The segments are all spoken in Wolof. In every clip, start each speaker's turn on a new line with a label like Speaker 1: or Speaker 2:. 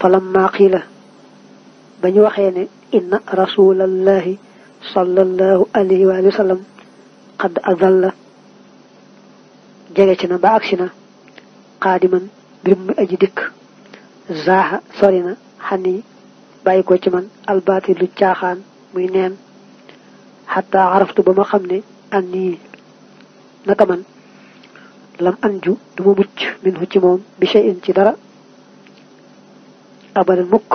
Speaker 1: falamma qiila ba ñu waxee ne inna rasulallahi sallallahu alayhi wa sallam qad azalla jege ci na ba agsi na qaadiman mbir mu aji dikk zaaha sori na xani bàyyi ko ci man albaati lu caaxaan muy neen xataa araftu ba ma xam ne an nii naka man lam anju du ma mucc minhu ci moom bi shay'in ci dara abadan mukk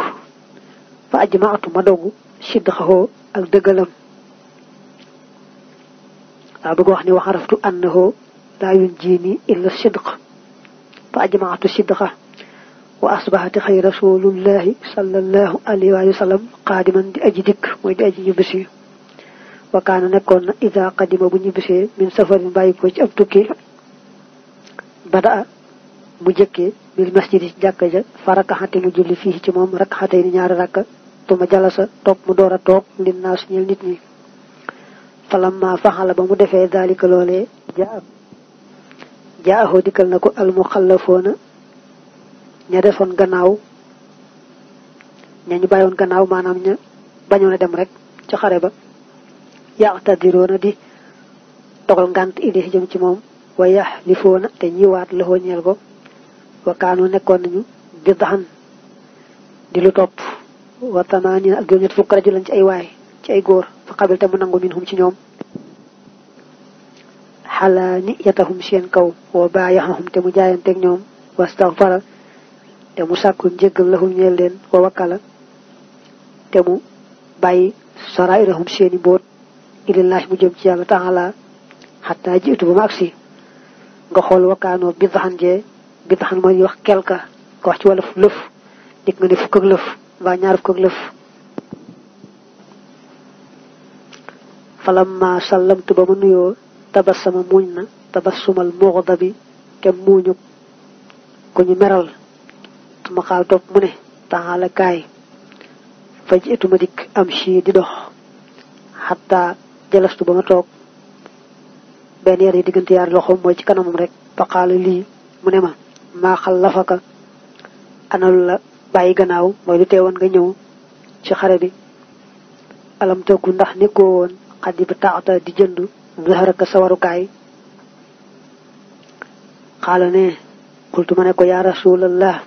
Speaker 1: fa ajmaatu ma dongu siddaxoo ak dëggalam daa bëgg wax ni wax araftu annahu laa yun jiini illa sidq fa ajmaatu siddaxa wa asbaxati xay rasulullahi sallallahu alayhi wa sallam qaadiman di aji dikk mooy di aji ñibbisi wa kaana nekkoon na ida qadima bu ñibbisee min safarin bàyyi ko ci ab tukki badaa mu jëkkee bil masjidi ci jàkka ja fa rakkaxante mu julli fii ci moom rakkaxante yi ñaari rakka tuma jalasa toog mu door a toog lin naa suñel nit ñi falamma faxala ba mu defee daalika loolee jaa jaahoo dikkal na ko almuxallafoona ña defoon gannaaw ña ñu bàyyoon gannaaw maanaam ña bañoon a dem rek ca xare ba yaqtadiroona di dogal ngànt indi jëm ci moom wa yaxlifoona te ñiwaat la ñeel ko wakaanu nekkoon nañu bid'an di lu topp wa tamaanina ak ñett fukk rajulan ci ay waay ci ay góor fa xabil te mu nangu minhum ci ñoom xalaani yatahum seen kaw wa baayaxahum te mu jaayanteeg ñoom wastaxfara te mu sàkku njéggal lahum ñeel leen wa wakkala te mu bàyyi sarairahum seeni boot ilillaahi mu jëm ci yàlla taala xataa jiitu ba ma agsi nga xool wakaanoo bid'an jee bi tax mooy wax quelque ko wax ci wolof lëf nit nga ne fukk lëf mbaa ñaar fukk ak lëf falamma sallamtu ba ma nuyoo tabassama muuñ na tabassumal mughdabi te muuñu ku ñu meral suma xaal topp mu ne taxaala fa ji dikk am ci di dox xataa jalastu ba ma toog benn yar yi diggante yaari loxoom mooy ci kanamam rek fa xaala mu ne ma maa xallafaka analu la bàyyi gannaaw mooy lu teewoon nga ñëw ci xare bi alam tëggu ndax nekkoo woon xaddi ba taxata di jënd zaharaka sa warukaay xaala ne xultu ma ne ko yaa rasulallah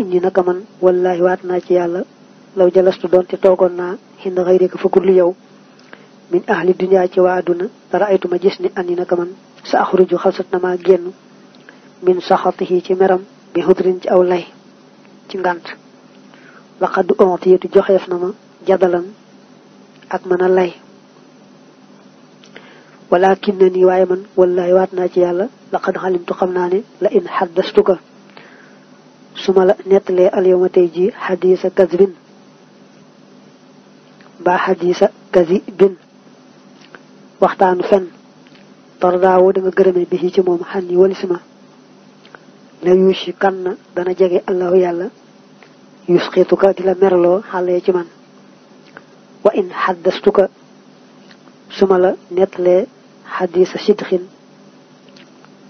Speaker 1: indi naka man wallahi waat naa ci yàlla law jalastu doon te toogoon naa xind xëy rek fukkur lu yow min ahli dunia ci waa àdduna dara aytuma gis ni andi naka man sa axruju xalsat na maa génn min saxatihi ci meram bi xudrin ci aw lay ci ngànt laqad ontiyatu joxeef na ma jadalan ak man a lay walakin na nii waaye man wallahi waat naa ci yàlla laqad xalimtu xam naa ne la in xaddastuka su ma nettalee alyoma tey ji xadisa kasbin mbaa xadisa kasi bin waxtaanu fen tardaawo woo nga gërëme bi ci moom xan yi walisima la yuusi kan na dana jege allahu yàlla yusqituka di la merloo xàllee ci man wa in xaddastuka su ma la nettalee xaddiisa sidxin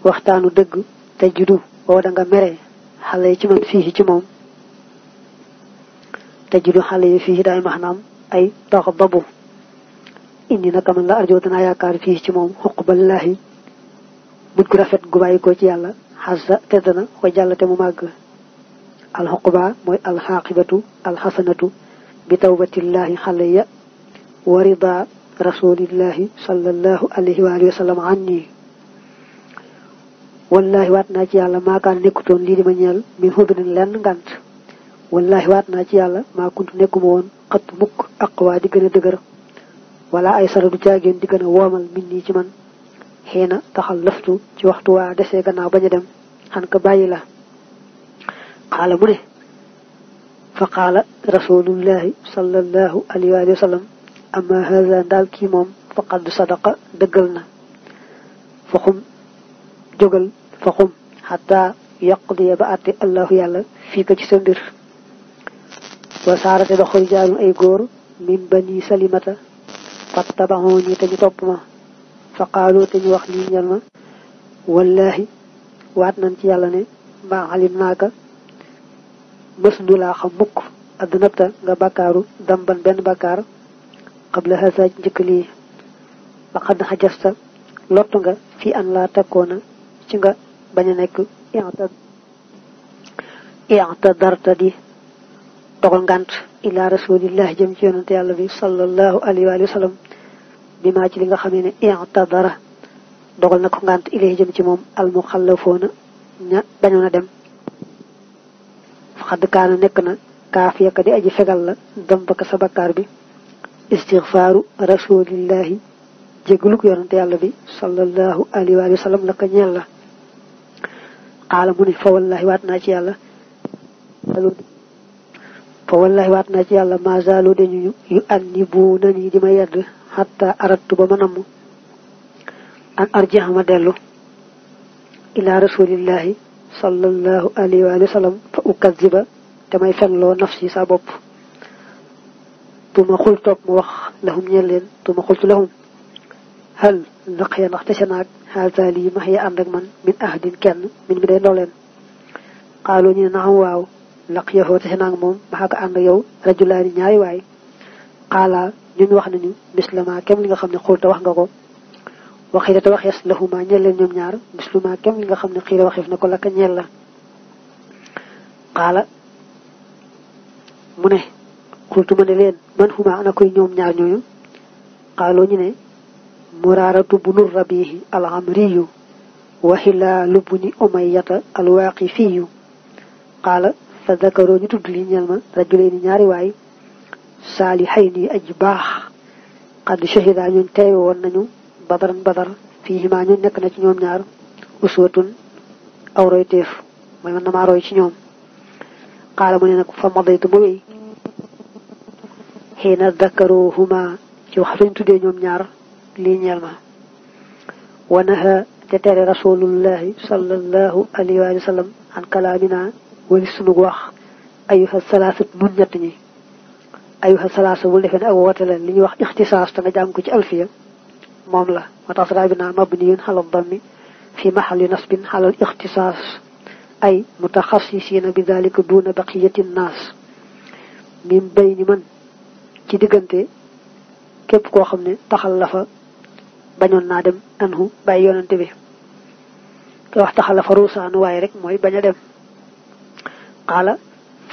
Speaker 1: waxtaanu dëgg te juddu woo da nga mere xale yi ci man fii ci moom te xale yi fii daay maanaam ay tax babu indi naka man la arjoo danaa yaakaar fii ci moom xuq ballaahi mujj gu rafet gu bàyyi ko ci yàlla xasa tedd na wa jàllate mu màgg alxuqba mooy alxaaqibatu alxasanatu bi tawbatillahi xaleya wa rida rasulillahi sallallahu alayhi wa alihi wa wallahi waat naa ci yàlla maakaan nekkutoon lii di ma ñeel min xubinin lenn ngant wallahi waat naa ci yàlla maa kuntu nekkuma woon xat mukk aqwaa di dëgër wala ay sara du caagéen di gën ci man xiina taxal lëftu ci waxtu waa desee gannaaw bañ a dem xan ka bàyyi la xaala mu ne fa qaala rasulullahi sallallahu alayhi wa sallam amma haza ndaal kii moom faqad sadaqa dëggal na fa xum jógal fa xum xataa yaqdiya ba àtte allahu yàlla fii ko ci sa mbir wa saarate ba xorijaalum ay góor min bani salimata fattabaxoo ñi te ñu topp ma fa qaaloo te ñu wax lii ñel wallaahi waat nañ ci yàlla ne maa xalim naaka mës nu laa xam mukk addunabta nga bàkkaaru damban benn bàkkaar qabla hasaaj njëkk lii waxad xajasta lottu nga fi an laa takkoona ci nga bañ a nekk i'tadarta di dogal ngànt ilaa rasulillahi jëm ci yonante yàlla bi sallallahu alayhi wa sallam bi maa ci li nga xamee ne i'tadara dogal na ko ngànt ilay jëm ci moom almuxallafoona ña bañoon a dem xadd kaana nekk na kaaf yaka di aji fegal la dambaka sa bakkaar bi istigfaaru rasulillahi jégaluk yonante yàlla bi sallallahu alayhi wa sallam la ko ñeel la xaala ne fa wallahi waat naa ci yàlla fa wallahi waat naa ci yàlla ma zaalu yu annibuuna nii di ma yedd xatta arattu ba ma namm an arjax ma dellu ila rasulillahi sallallahu alayhi wa sallam fa ukaziba te may nafsi sa bopp tuma xul toog mu wax lahum ñeel leen tuma xultu lahum hal ndax ya ndax tese naag xaasa lii max ya ànd ak man min ahadin kenn min mi day ndaw leen xaaloo waaw laq yoxoo tese moom maxaa ko ànd ak yow rajulaani waay xaalaa ñun wax nañu misluma kem li nga xam ne xulta wax nga ko waxii te waxees lahuma ñeel leen ñoom li nga xam ne xiila waxeef na ko lakka ñeel la xaala mu ne xultu ma ne leen man xuma ana koy ñoom ñaar ñooñu xaaloo ñu ne muraaratu bu nur rabihi alhamriyu wa hilaalu bu ni umayyata alwaaqifiyu xaala fa dakaroo ñu tudd li ñeel ma rajulee ni ñaari waay saalixay nii aji baax xadd shahida ñun teewe woon nañu badaran badar na ci ñoom ñaar uswatun aw royteef mooy ci ñoom xaala mu ne nag fa madaytu ma wéy xiina dakaruhuma ci wax fañ tuddee ñoom ñaar lii ñeel ma wanaha te rasulullahi sallallahu alayhi wa sallam an kalaamina wali sunug wax ayuha salaasat ayuha salaasa bul defee li ñuy wax ixtisaas te nga jàng ko ci alfiya moom la wa tasraa bi naa mabniyun ala dammi fi mahalli nasbin ala ixtisaas ay mutaxassisiina bi dalika duuna baqiyati naas min bay ni man ci diggante képp koo xam ne taxal la fa bañoon naa dem anhu bàyyi yonante bi te wax taxal la rek mooy bañ a dem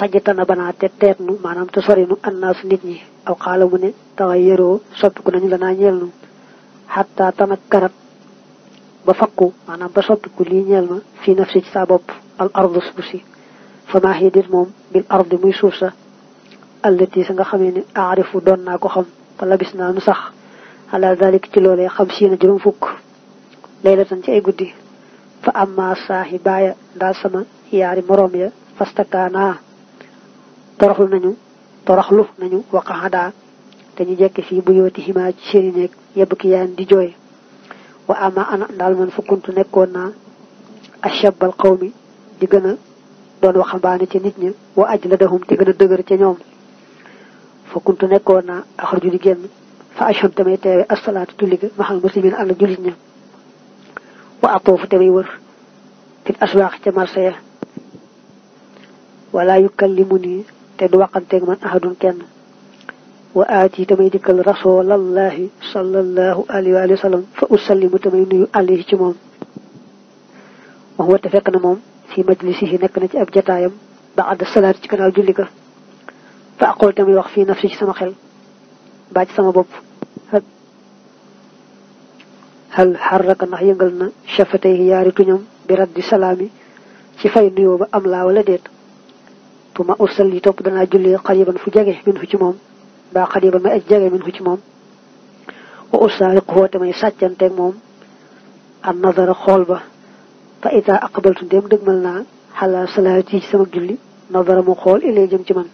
Speaker 1: xajitana banaa te teetnu maanaam te sorinu annaasu nit ñi aw xaala mu ne taxa yëroo soppiku nañu lanaa ñeel nu xatta tanak karat ba maanaam ba soppiku lii ñeel ma fii nafsi ci saa bopp al ardu suuf si fa maa xidit moom muy suuf sa allati sa nga xamee ne aarifu doon naa ko xam fa naa nu sax ala dalik ci loolee xam siina juróom fukk laylatan ci ay guddi fa amma saahi baaya yaari moroom ya fastakaanaa toroxlu nañu toroxlu nañu waqaxadaa te ñu jekki fii bu yooti ximaa ci seeni nekk yebb ki yaan di jooy wa ama ana daal man fukkuntu nekkoon naa ashabal qawmi di gën doon waxambaane ca nit ñi wa aj la te gën a dëgër ca ñoom nekkoon naa axarju di génn fa asham tamay teewe asalaatu wër fil aswaax ca marché ya wala yukallimu nii te du waxanteeg man ahadun kenn wa aati tamay dikkal rasulallahi sallallahu alayhi wa sallam fa usallimu tamay nuyu alayhi ci moom wax wate fekk na moom fi majlisihi nekk na ci ab jataayam baada salaat ci gannaaw julli ga fa aqul tamay wax fii nafsi ci sama xel baa ci sama bopp hal xarraka ndax yëngal na chafatay yaari tuñam bi raddi salaami ci fay nuyoo ba am laa wala déet bu ma usal yi topp julli xariban fu jege min fu ci moom ba xariban may aj jege min fu ci moom wa usaariquhu te may sàccanteeg moom an nazara xool ba fa ita aqbaltu ndéem dëgmal naa xala salaati ci sama julli nazara mu xool ilay jëm ci man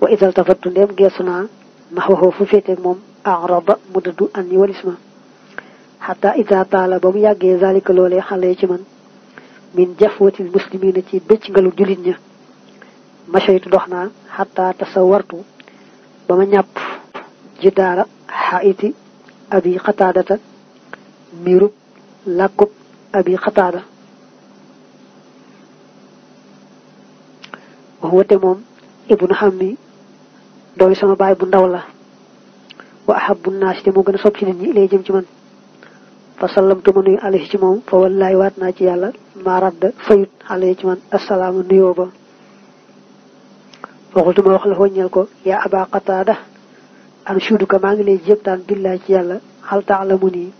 Speaker 1: wa ita tafattu ndéem geesu naa naxwahu fu féeteeg moom araba mu dëddu an yi walis ma xata ita taala ba mu yàggee zalika loolee xale ci man min jafwatil muslimina ci bëcc ngalu machaytu dox naa xataa tasawartu ba ma ñàpp jidaara xaiti abi xataadata miirub làkkub abi xataada wax wate moom ibnu xammi doomi sama baay bu ndaw la wa ahabu naasi te moo gën a sopp ci lay jëm ci man fa sallamtu ma nuyu alayhi ci moom fa wallaay waat naa ci yàlla maa radda fayut alayhi ci man assalaamu nuyoo ba waxultu ma wax la waññal ko ya aba qataada an suuduka maa ngi lay jéptaan billaay ci yàlla xal taalamu nii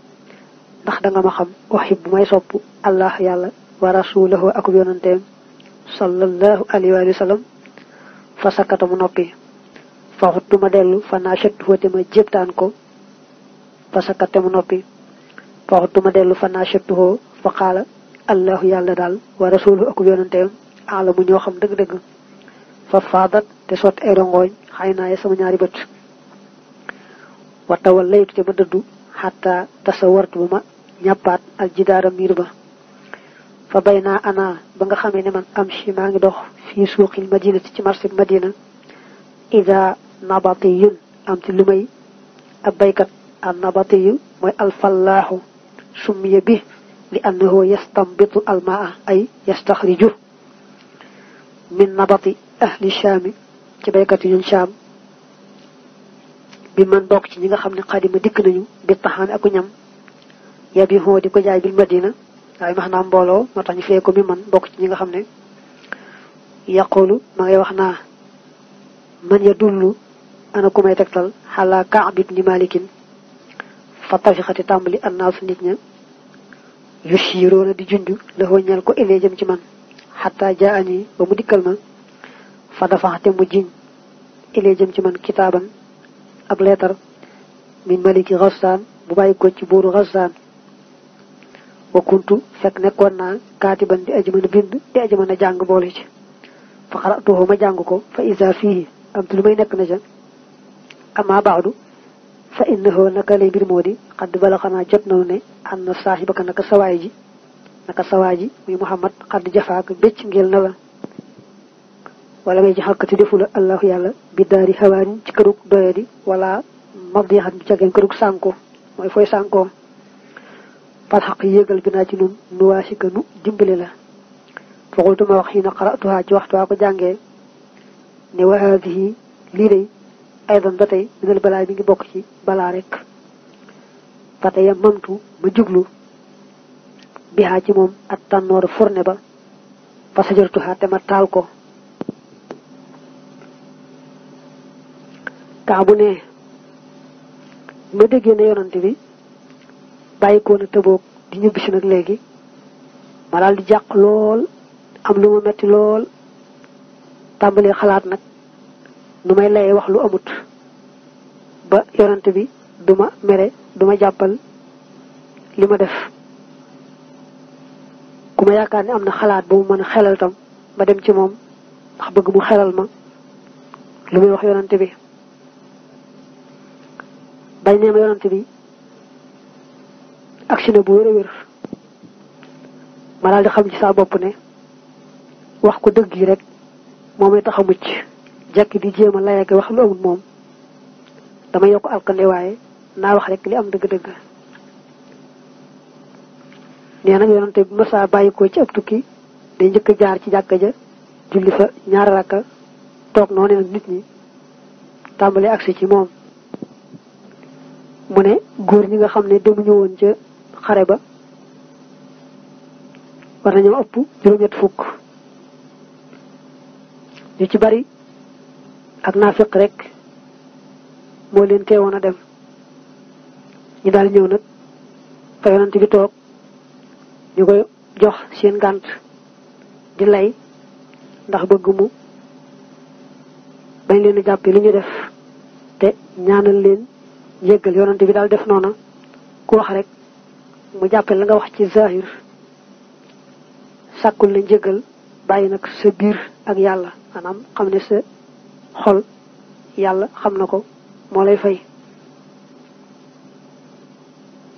Speaker 1: ndax da nga ma xam waxi bu may sopp allah yàlla wa rasulahu akub yonanteem sallallahu alayhi wa sallam fa sakkata mu noppi fa xuttu ma dellu fa naa sett wate ma jéptaan ko fa sakkate mu noppi fa xuttu dellu fa naa sett fa xaala allahu yàlla daal wa rasulahu akub yonanteem aalamu ñoo xam dëgg-dëgg fa faadat te sotti ay rongooñ xay naa ya sama ñaari bët watawal laytu te ma dëddu xataa tasawartu ba ma ñàppaat al jidaara miir ba fa bay naa ana ba nga xamee ne man am si maa ngi dox fii suuqil madinati ci marché madina ida nabati am ci lu may ab baykat al nabati yu mooy alfallaaxu summiya bi li annahu yastambitu almaa ay yastaxriju min nabati ahli shaami ci baykat yi ñun shaam bi man bokk ci ñi nga xam ne xadima dikk nañu bi taxaan aku ñam yab di ko jaay bil madina waaye max naa mbooloo moo tax ñu fee ko mi man bokk ci ñi nga xam ne yaqulu ma ngay wax naa man ya dullu ana ku may tegtal xalaa Kaab ibni Malikin fa tafixati tàmbali annaasu nit ña yusiroona di junj la ñal ko ilee jëm ci man xataa jaani ba mu dikkal ma fa dafaxte mu jiñ ilee jëm ci man kitaaban ab leetar min maliki xasaan bu bàyyi ko ci buuru xasaan wa kuntu fekk nekkoon naa kaatiban di aji a bind di aji a jàng boole ci fa xaratuhu ma jàng ko fa isa fii am te lu may nekk na ca ama baadu fa innahu naka lay mbir moo di jot nañu ne ànd na saaxibaka naka sawaay ji naka sawaay ji muy muhammad xadd jafaak bécc ngeel na wala ngay ci xàkkati defu la allahu yàlla bi daari xawaarin ci kërug doyadi wala mabdixan bi cageen kërug sànko mooy fooy sànkoom par xaq yéegal bi naa ci nun nuwaasika nu dimbali la faxultuma wax xiina xaratuhaa ci waxtuwaa ko jàngee ne wa haadihi lii day aydan ba tey minal balaa mi ngi bokk ci balaa rek fataya mamtu ma jublu bihaa ci moom ak tànnoor fourne ba fa sajartuhaa te ma taal ko kaabu ne ma déggee ne yonante bi bàyyi ko na tëboog di ñibbisi nag léegi ma daal di jàq lool am lu ma metti lool tàmbalee xalaat nag nu may layee wax lu amut ba yonante bi duma mere duma jàppal li ma def ku ma yaakaar ne am na xalaat ba mu mën a xelal tam ma dem ci moom ndax bëgg mu xelal ma lu muy wax yonante bi xal nee ma yonante bi aksi na bu wér a wér ma di xam ci saa bopp ne wax ko dëgg yi rek moo may a mucc jàkk di jéem a layage wax lu amul moom dama yokk alkande waaye naa wax rek li am dëgg-dëgg nee nag yonante bi masaa bàyyi ko ci ab tukki day njëkk jaar ci jàkk ja julli fa ñaari rakka toog noonu nag nit ñi tàmbalee aksi ci moom mu ne góor ñi nga xam ne demuñu woon ca xare ba war nañoo ëpp juróom-ñett fukk ñu ci bari ak naafiq rekk moo leen teewoon a dem ñu daal ñëw nag fa yonent bi toog ñu koy jox seen gànt di lay ndax bëgg mu bañ leen a jàppe li ñu def te ñaanal leen njëggal yonante bi daal def noona ku wax rek mu jàppale la nga wax ci zahir sàkkul la njëggal bàyyi nag sa biir ak yàlla maanaam xam ne sa xol yàlla xam na ko moo lay fay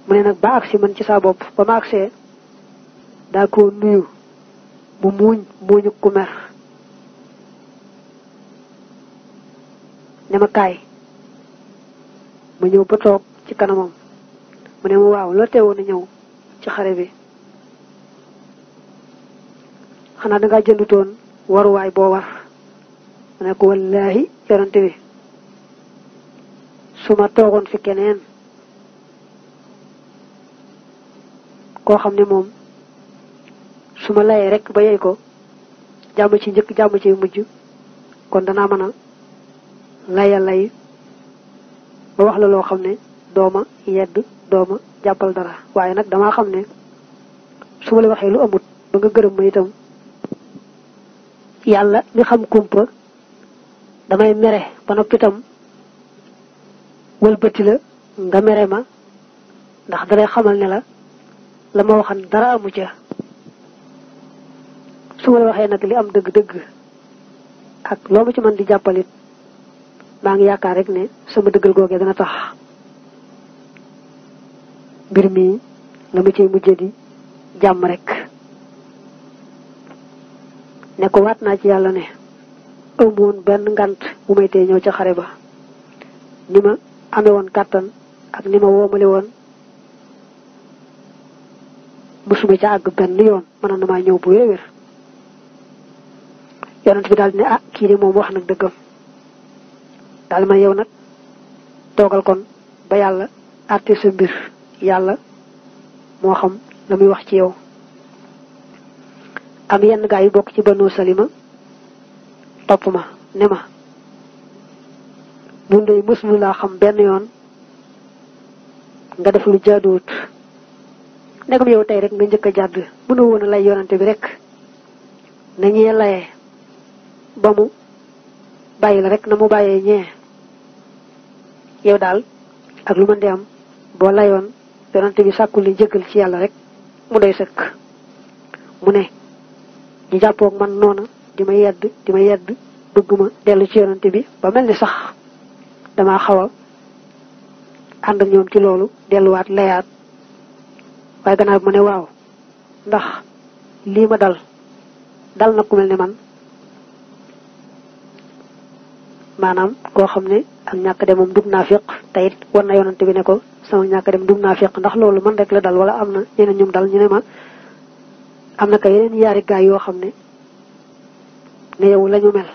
Speaker 1: mu ne nag ba agsi man ci saa bopp ba ma agsee daa ko nuyu mu muuñ muuñu ku mer ne ma ñëw ba toog ci kanamam mu ne ma waaw loo teewoon a ñëw ci xare bi xanaa da ngaa jëndutoon waruwaay boo war ma ne ko wallaahi yonante bi su ma toogoon fi keneen koo xam ne moom su ma layee rek ba yey ko jàmm ci njëkk jàmm ci mujj kon danaa mën a laya lay ba wax la loo xam ne dooma yedd dooma jàppal dara waaye nag dama xam ne su ma la waxee lu amut ba nga gërëm ma itam yàlla mi xam kumpa damay mere ba noppi itam la nga mere ma ndax dalay xamal ne la la ma waxan dara amu ca su ma la waxee nag li am dëgg-dëgg ak loo ma ci mën di jàppalit maa ngi yaakaar rek ne sama dëggal googee dana tax mbir mi la mu ciy mujjee di jàmm rekk ne ko waat naa ci yàlla ne amoon benn ngant bu may tee ñëw ca xare ba ni ma amee kàttan ak ni ma woomale woon musuma ca àgg benn yoon mënoon na maa ñëw bu wér-wér yonent bi daal di ah kii de moom wax nag dëggam daal ma yow nag toogal kon ba yàlla àtte sa mbir yàlla moo xam la muy wax ci yow am yenn gaa yu bokk ci banu salima topp ma ne ma nun dey mësunu laa xam benn yoon nga def lu jaaduwut nekkam yow tey rek nga njëkk a jàdd mënoo woon a lay yonante bi rek nañee laye ba mu bàyyi la rek na mu bàyyee ñee yow daal ak lu mën di am boo layoon yonante bi sàkkul li jëggal ci yàlla rek mu doy sëkk mu ne ñu jàppoog man noona di ma yedd di ma yedd bëgg dellu ci yonante bi ba mel ni sax damaa xaw a ànd ñoom ci loolu delluwaat layaat waaye gannaaw bi ma ne waaw ndax lii ma dal dal na ku mel ne man maanaam koo xam ne am ñàkk demam dug naa fiq te it war na yonante bi ne ko sama ñàkk dem dug naa fiq ndax loolu man rek la dal wala am na ñeneen ñum dal ñu ne ma am na ka yeneen yaari gaay yoo xam ne ne yow la ñu mel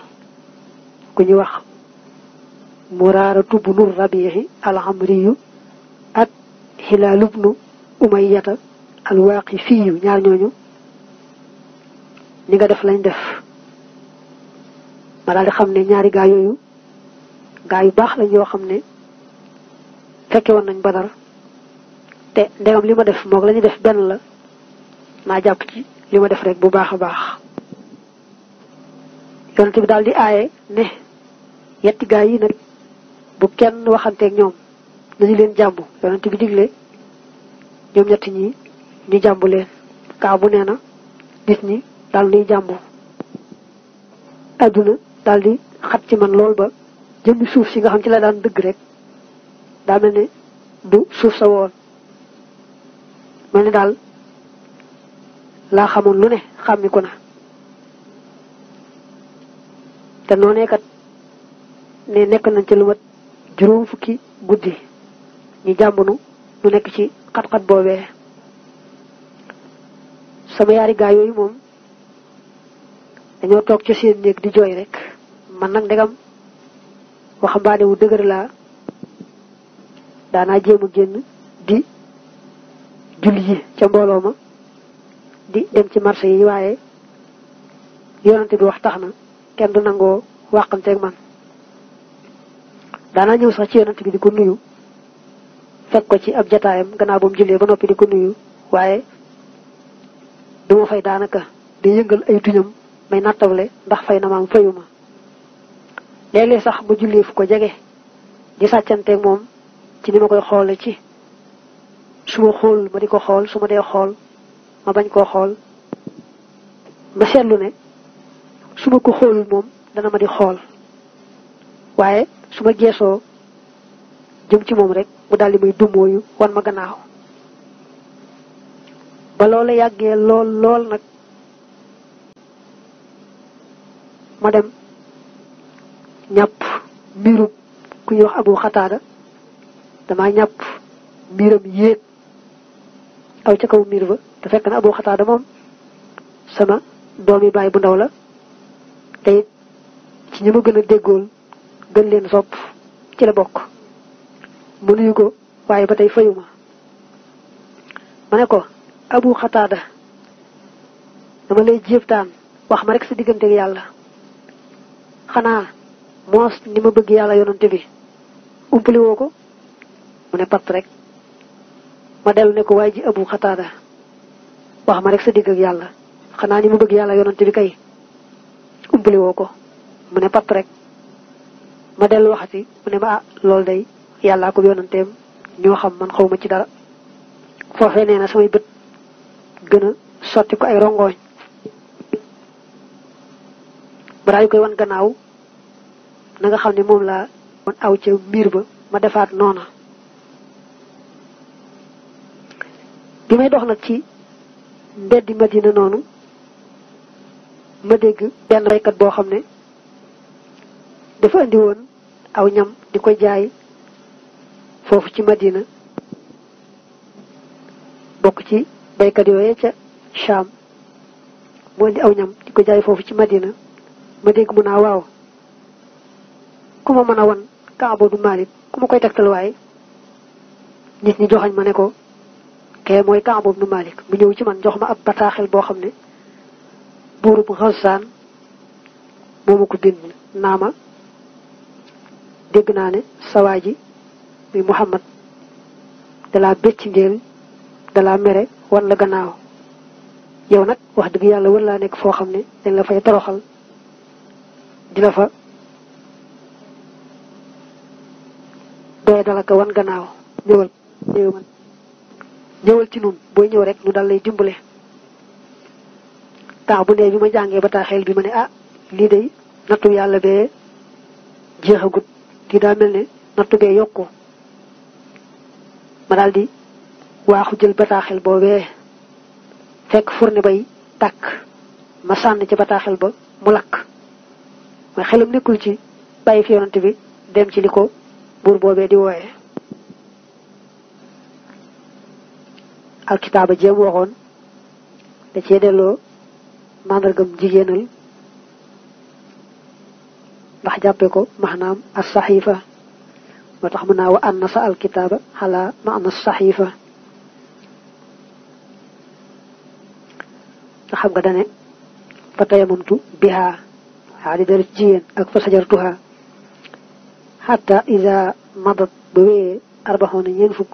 Speaker 1: ku ñu wax muraaratu bnu rabiixi alxamriyu ak xilaalu bnu umayata alwaaqi fiiyu ñaar ñooñu ni nga def lañ def ma daal xam ne ñaari gaa yooyu gaa yu baax lañ yoo xam ne fekke woon nañ ba badar te ndegam li ma def moo la ñu def benn la naa jàpp ci li ma def rek bu baax a baax yonent bi daal di aaye ne yetti gaa yi nag bu kenn waxanteeg ñoom nañu leen jàmb yonent bi digle ñoom ñett ñi ñu jàmb leen kaa bu nee na nit ñi daal nuy jàmb adduna daal di xat ci man lool ba jënd suuf si nga xam ci la daan dëgg rek daa mel ne du suuf sa woon mel ni daal laa xamoon lu ne xàmmiku na te noonee kat ne nekk nañ ci lu mat juróom fukki guddi ñu jàmbunu lu nekk ci xat-xat boobee sama yaari gaa yooyu moom dañoo toog ci seen néeg di jooy rek man nag ndegam waxambaane wu dëgër laa daanaa jéem génn di julli ji ca mbooloo ma di dem ci marché yi waaye yonante bi wax tax na kenn du nangoo wàqanteeg man daanaa ñëw sax ci yonante bi di ko nuyu fekk ko ci ab jataayam gannaaw ba mu jullee ba noppi di ko nuyu waaye du ma fay daanaka di yëngal ay tuñam may nattawle ndax fay na maam fayu ma léeg sax ma julli fu ko jege di sàccanteeg moom ci ni ma koy xoole ci su ma xool ma di ko xool su ma dee xool ma bañ koo xool ma seetlu ne su ma ko xool moom dana ma di xool waaye su ma geesoo jëm ci moom rek mu daal di may dummóoyu wan ma gannaaw ba loola yàggee lool lool nag ma dem ñàpp mbirum ku ñuy wax abu xataada damaa ñàpp mbiram yéeg aw ca kaw miir ba te fekk na abu xataada moom sama doomi baay bu ndaw la te it ci ñi ma gën a déggool gën leen sopp ci la bokk mu nuyu ko waaye ba tey fayuma ma ne ko abu xataada dama lay jéem taan wax ma rek sa digganteeg yàlla xanaa moos ni ma bëgg yàlla yonante bi umpali ko mu ne pat rek ma dellu ne ko waaye ji abu xataada wax ma rek sa digg yàlla xanaa ni ma bëgg yàlla yonante bi kay umpali ko mu ne part rek ma dellu waxati mu ne ma ah loolu day yàllaa ko yonanteem ñoo xam man xawma ci dara foofee nee na samay bët gën sotti ko ay rongooñ mu daal koy wan gannaaw na xam ne moom laa kon aw ca mbiir ba ma defaat noona bi may dox nag ci mbeddi madina noonu ma dégg benn baykat boo xam ne dafa indi woon aw ñam di koy jaay foofu ci madina bokk ci baykat yooye ca Sham mu indi aw ñam di ko jaay foofu ci madina ma dégg mun naa waaw ku ma mën a wan Kaaboodu Malik ku ma koy tegtal waaye nit ñi joxañ ma ne ko kee mooy Kaaboodu Malik bu ñëw ci man jox ma ab bataaxel boo xam ne buurub Xasaan moo ma ko bind naa ma dégg naa ne sawaa ji muy Muhammad dalaa bécc ngéel dalaa mere wan la gannaaw yow nag wax dëgg yàlla wër laa nekk foo xam ne dañ la fay toroxal di la fa tey wan gannaaw ñëwal ci nun booy ñëw rek nu dal lay dimbale taax bu ne bi ma jàngee bataaxel bi ma ne ah lii day nattu yàlla bee jeexagut lii daa mel ne nattu bee yokku ma daal waaxu jël bataaxel boobee fekk fourne bay tàkk ma sànn ci bataaxel ba mu lakk mooy xelam nekkul ci bàyyi fi yonante bi dem ci li ko buur boobee di wooye alkitaaba jéem waxoon da cee delloo màndargam jigéenal ndax jàppe ko maanaam as saxiifa moo tax mu naa wa anna sa alkitaaba xalaa maana saxiifa nga xam nga dane fa tayamamtu bihaa haa di dara jigéen ak fa sajartuhaa xatta ida madat ba wéyee arbaxoona ñeent fukk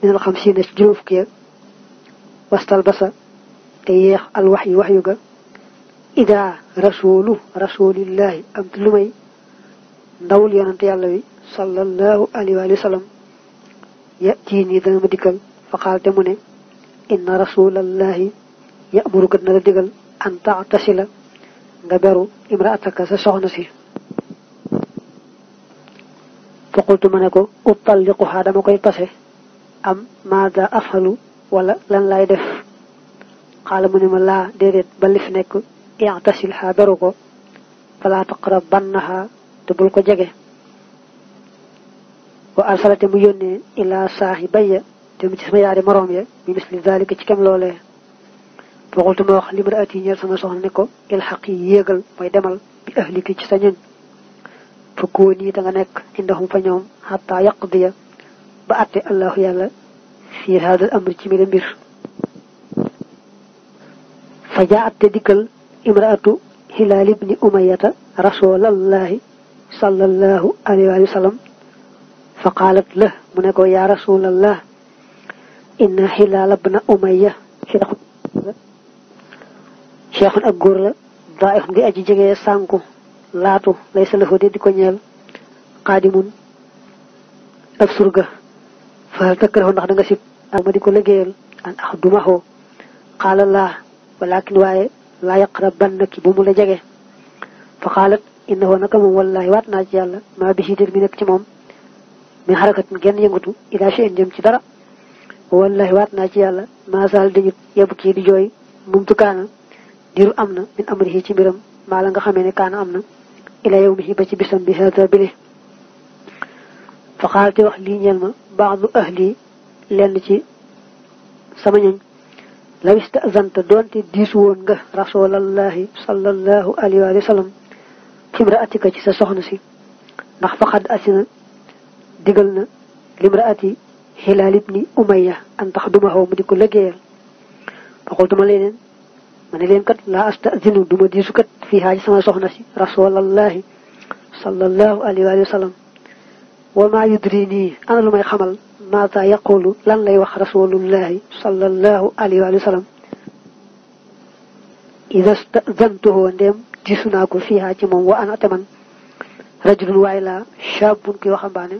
Speaker 1: minal xam si na ci juróom fukk ya wastal basa te yeex al wax yu wax yu ga ida rasulu rasulillahi am lu may ndawul yonante yàlla wi sallallahu alayhi wa sallam ya tii nii dana ma dikkal faqaal te mu ne inna rasulallahi ya'muruka na la digal an taatasila nga beru imraataka sa soxna si faqultu ma ne ko upalliquha dama koy pase am maada afalu wala lan lay def xaala mu ne ma laa déedéet ba li fi nekk i'tasilha beru ko fala taqrabannaha te bul ko jege wa arsalate mu yónnee ilaa saaxibaya te mu ci sama yaari moroom ya bi misli dalika ci kem loolee faqultu ma wax limraati ñeel sama soxna ne ko ilxaqi yéegal mooy demal bi ahliki ci sa ñoñ fa koo nii te nga nekk indaxum fa ñoom xataa yaqdiya ba àtte allahu yàlla fii haadal amri ci mbir mbir fa jaat te dikkal imraatu hilaal ibni umayata rasulallaahi sallallahu alayhi wa sallam fa qaalat la mu ne ko yaa rasulallah inna hilaal ibna umaya cheikhun ak góor la daa ixum di aji jege sànku laatu lay salafu de di ko ñeel xaadimun ab surga faal takkaraxu ndax da nga sib ama di ko liggéeyal an ax dumaxoo xaala laa walakin waaye laa yaqrabanna ki bu mu la jege fa xaalat innahu naka moom wallahi waat naa ci yàlla maa bi si dér mi nekk ci moom mi xarakatin genn yëngatu ila shay'in jëm ci dara wallahi waat naa ci yàlla maa saal dañut yeb kii di jooy mumtu kaana diru am na min amrihi ci mbiram maa la nga xamee ne kaana am na ila yawmihi ba ci bisam bi hada bile fa xaalate wax lii ñeel ma baadu ahli lenn ci sama ñoñ lawista azanta doonte diisu woon nga rasulallahi sallallahu alayhi wa sallam imraatika ci sa soxna si ndax faqad asina digal na limraati xilaal ibni umayya an tax duma xaw mu di ko lëggéeyal waxul duma leneen ma ne leen kat laa astazinu du ma diisu kat fii xaaj sama soxna si rasulallahi sallallahu alayhi wa sallam wa maa yudri ana lu may xamal maata yaqulu lan lay wax rasulullahi sallallahu alayhi wa sallam ida stazantuhu ndéem diisu naa ko fii xaaj wa ana te man waay laa shaabun ki waxambaane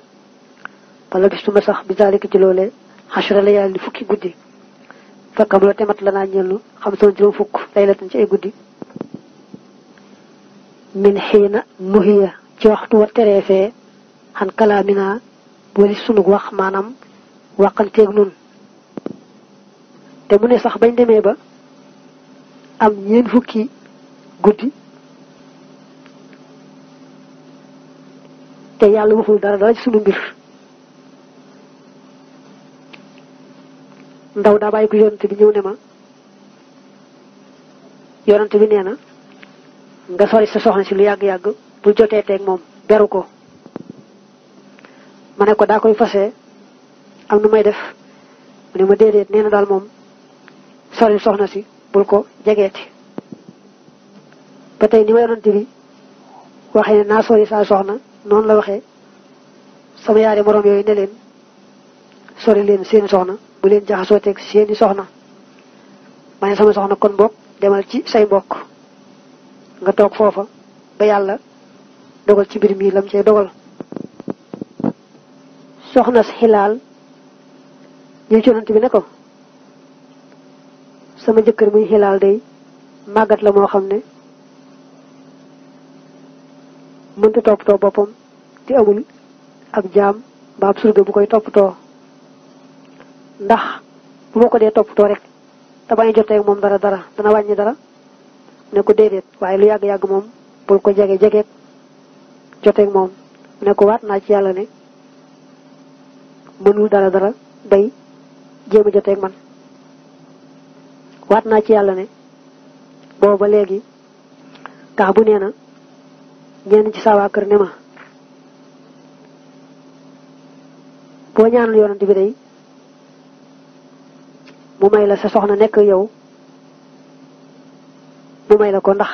Speaker 1: wala bis tuma sax bi zaalika ci loole layaal ni fukki guddi fakkam la temat la naa ñellu xam soon juróom fukk laylatan ci ay guddi min xiina muhiya ci waxtu wa tereefee xan kalaamina wali sunu wax maanaam waxanteeg nun te mu sax bañ demee ba am ñeen fukki guddi te yàlla waxul dara dara ci sunu mbir ndaw daa bàyyi ko yonante bi ñëw ne ma yonante bi nee na nga sori sa soxna si lu yàgg-yàgg bu jotee teg moom beru ko ma ne ko daa koy fase am nu may def mu ma déedéet nee na daal moom sori soxna si bul ko jegeeti ba tey ni ma yonante bi waxee ne naa sori saa soxna noonu la waxee sama yaari moroom yooyu ne leen sori leen seen soxna bu leen jaxasoo teg seeni soxna ma ne sama soxna kon bokk demal ci say mbokk nga toog foofa ba yàlla dogal ci mbir mi lam cey dogal soxna si xilaal ñëw ci bi ne ko sama jëkkër muy xilaal day màggat la moo xam ne mënta toppatoo boppam te amul ak jaam mbaam surga bu koy toppatoo ndax bu ma ko dee toppatoo rek te bañ a moom dara dara dana wàññi dara ne ko déedéet waaye lu yàgg yàgg moom bul ko jege jegeet joteeg moom ne ko waat naa ci yàlla ne mënul dara dara day jéem a man waat naa ci yàlla ne booba ba léegi tax bu nee na ñenn ci saa waa kër ne ma boo ñaanal yonent bi day mu may la sa soxna nekk yow mu may la ko ndax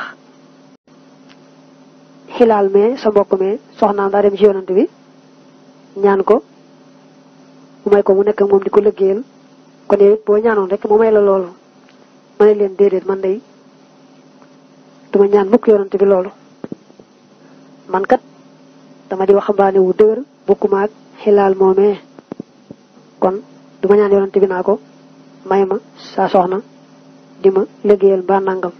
Speaker 1: xilaal mee sa mbokk mee soxnaam daa dem ci yonant bi ñaan ko mu may ko mu nekk moom di ko lëggéeyal kon yow it boo ñaanoon rek mu may la loolu ma ne leen déedéet man day duma ñaan mukk yonant bi loolu man kat dama di waxambaane wu dëgër bokkuma ak xilaal moomee kon duma ñaan yonant bi naa ko may ma sa soxna di ma liggéeyal ba nangam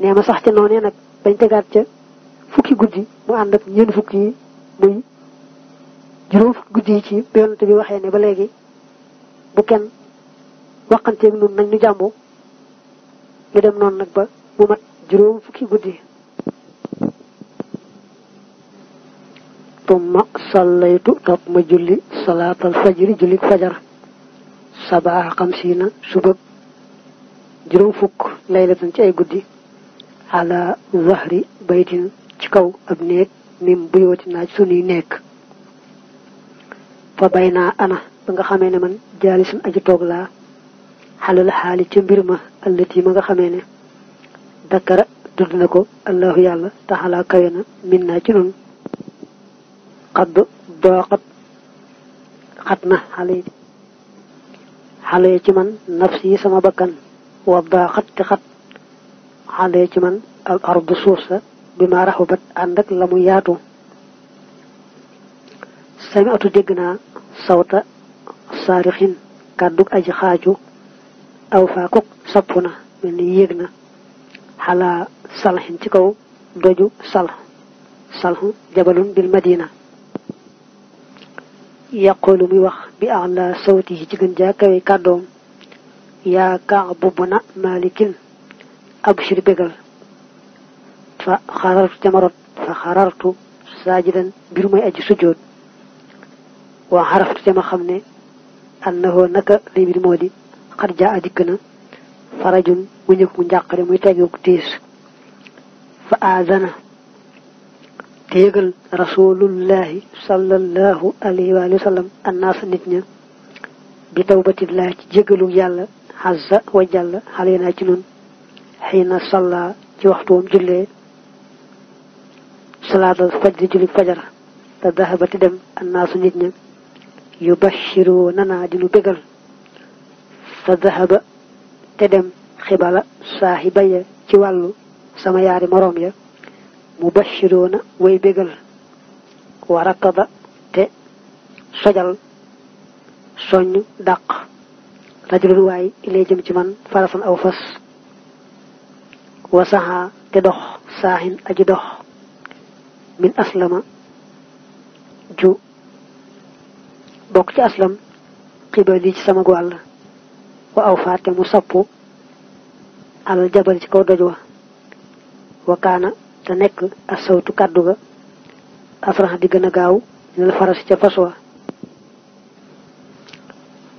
Speaker 1: nee ma sax ca noonee nag dañ tegaat ca fukki guddi mu ànd ak ñeent fukki yi muy juróom fukki guddi yi ci yonent bi waxee ne ba léegi bu kenn waxanteeg nun nañ ñu jàmbu ñu dem noonu nag ba mu mat juróom fukki guddi tumma sallaytu topp ma julli salaatal fajri julli fajar sabaa xamsiina suba juróom fukk laylatan ci ay guddi ala zahri baytin ci kaw ab néeg mim buyooti naaj sunuy nekk fa bay naa ana ba nga xamee ne man jaalisun aji toog laa xalal xaali ci mbir ma allati ma nga xamee ne dakara na ko allahu yàlla taxalaa kawe na naa ci nun xadd dooxat xat na xale xale ci man nafsi sama bakkan wa baaxat te xat xale ci man al ardu suuf bi ma raxubat ànd ak la mu yaatu sami atu dégg naa sawta saarixin kàddug aji xaaju aw faakuk sapp na mel ni yéeg na xalaa salxin ci kaw doju salx salx jabalun bil madina yaqulu muy wax bi ala sawtihi ci jaa kawe kàddoom yaa Kaab bun Maalikin abshir bégal fa xarartu jamarot fa xarartu saajidan mbir mooy aji sujjoot waa xaraftu jama xam ne annahoo naka lay mbir moo di xat jaa adikk na farajun mu ñëkk mu njàqare muy tegg tiis fa aazana te yëgal rasulullahi sallallahu alayhi wa sallam annaasa nit ña bi tawbatillahi ci jéggalu yàlla azza wa jalla xale naa ci nun xiina salla ci waxtu wam jullee salaatal fajri julli fajar te dahabati dem annaasu nit ña yu bashiru nanaa di nu bégal te te dem xibala saahiba ya ci wàllu sama yaari moroom ya mubashiroona way bégal wa rakada te sojal soññ dàq rajulun waay ilay jëm ci man farasan aw fas wa saxaa te dox saaxin aji dox min aslama ju bokk ci aslam xibal ci sama wàll wa aw faate mu sappu alal jabal ci kaw doj wa wa kaana te nekk ak sawtu kàddu ga afrax di gën a gaaw minal faras ca fas wa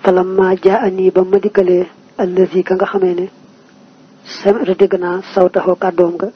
Speaker 1: falamma jaa anii ba ma dikkalee allazi ka nga xamee ne sam dégg naa sawtaxoo kàddoom ga